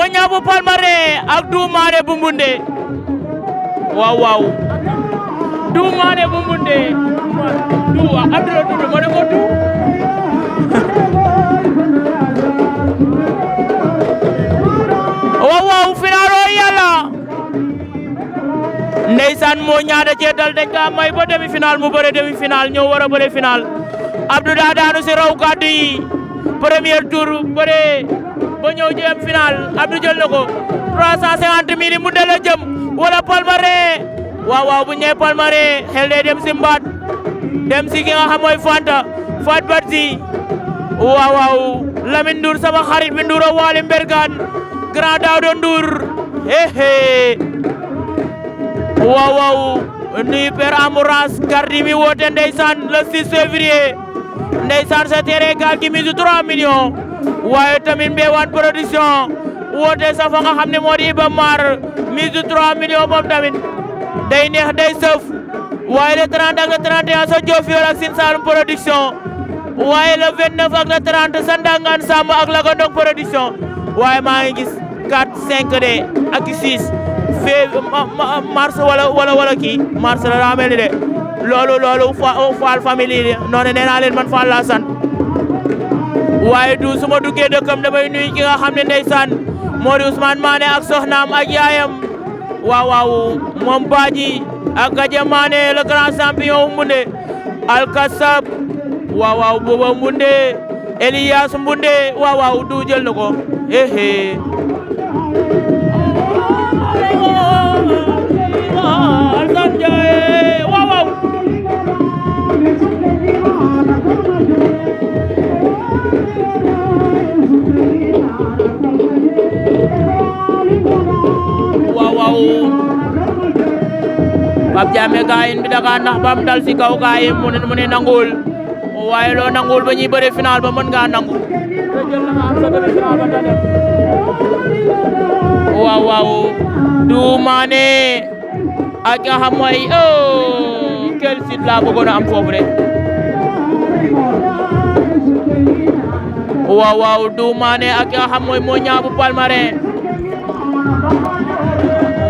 Ngoña bu Palmarin ak Duumaane bu Mbunde waaw waaw Duumaane bu Mbunde du abdula moo ñaada cee dal dañ ka demi final mu bëre demi final ñëw war a bëre final abdou si raw kàddu yi premier tour bëre ba ñew ci final Abdou jël lako ko 350 mille mu dala jëm wala Palmarin waaw waaw bu ñëwee Palmarin xel day dem ci mbat dem ci ki nga xam moy Fanta Fat Batsi waaw waaw Lamine Ndour sama xarit bi ndouro walim bergan grand Daouda Ndour he he waaw waaw ni per Amouras gardi mi wote ndeysaan le 6 février ndeysaan sa terrain gaal gi mise 3 millions waaye tamit Mbewaan production woote sa fa nga xam ne moo di Iba Mar mise de 3 millions moom tamit day neex day sëf waaye le 30 ak le 31 sa Diofior ak Sine Saloum production waaye le 29 ak le 30 sa Ndangaan Sàmm ak la Gondok waaye maa ngi gis 4 5 de ak 6 fév mars wala wala wala kii mars la daa loolu loolu Fall famille yi noonu nee man Fall waaye du su dëkkam damay nuyu ki nga xam ne ndeysaan moo di Ousmane Mané ak soxnaam ak yaayam waaw waaw ak Gadia Mané le grand champion Mbunde Alkassab waaw waaw Mbunde Elias Mbunde waaw waaw du jël ko ab Diame gaayin ya, bi daga nax bam dal si kaw gaayin mu ne ne nangul oh, waaye lo nangul ba ñi bëre final ba mën nga nangul oh, waaw waaw du mané ak ha moy oh quel site la bu a am fofu rek waaw waaw du mané ak ha moy mo ñaabu palmarès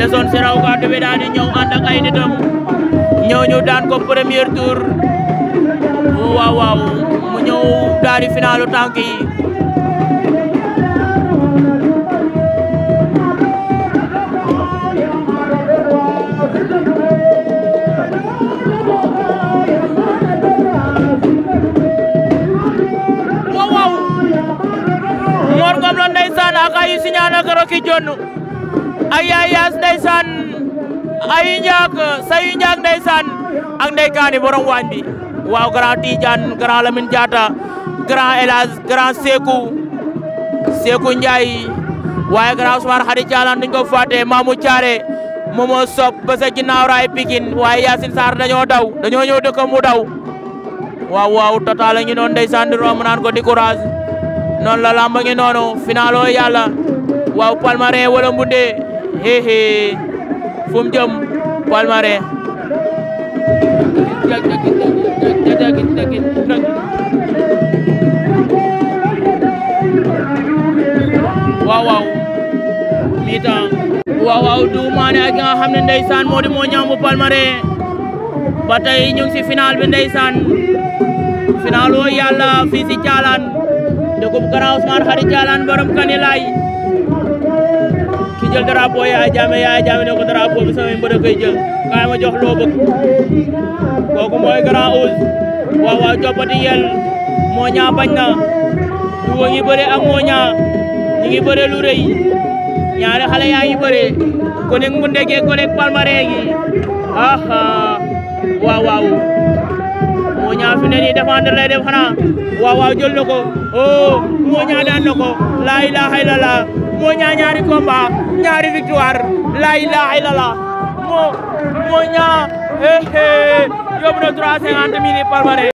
desoon ci raw ko bi dal di ñew and ak ay nitam ñew ñu daan ko premier tour waaw waaw mu ñew daari finalu tanki yi Mor Ngom la ndeysaan ak ay signaal ay yaayaas ndeysaan ak ndey kaani borom waañ bi waaw grand Tidiane grand Lamine Diatta grand Elage grand Sekou Sekou waaye grand Ousmane Khady Thialan ko fàtte Mamou Thiaré momo sob ba sa raay Pikine waaye Yacine Sarr dañoo daw dañoo mu daw waaw waaw total a ngi noonu ndeysaan di romb naan ko di courage noonu la lamba ngi noonu finalo yàlla waaw palmarin wala hehe fu mu jëm Palmarin Wow wow, mi Wow wow, waaw Doudou Mané ak nga xamné ne modi mo di bu Palmarin ba ñu ci final bi ndeysaan final wo yalla fi ci Thialane de ko Grand Ousmane xari Thialane borom kanilay jël drapeau Yaya Jammeh Yaya Jammeh ne ko drapeau bi samay mbër jël kaay ma jox loo bëgg kooku mooy Grand Ouz waaw waaw coppati yel moo bañ na duwo ngi bëre ak moo ñaa lu rëy ñaari xale yaa ko ne mu ndegee ko rek palmarès gi aha waaw waaw fi ne nii défendre lay def xanaa waaw waaw na ko oh moo daan na ko laa ilaaha illallah moo ñaa ñaari combat ñaari victoire la ilaha illallah moo moo ñaa eh, eh, yóbbu na 350 mille par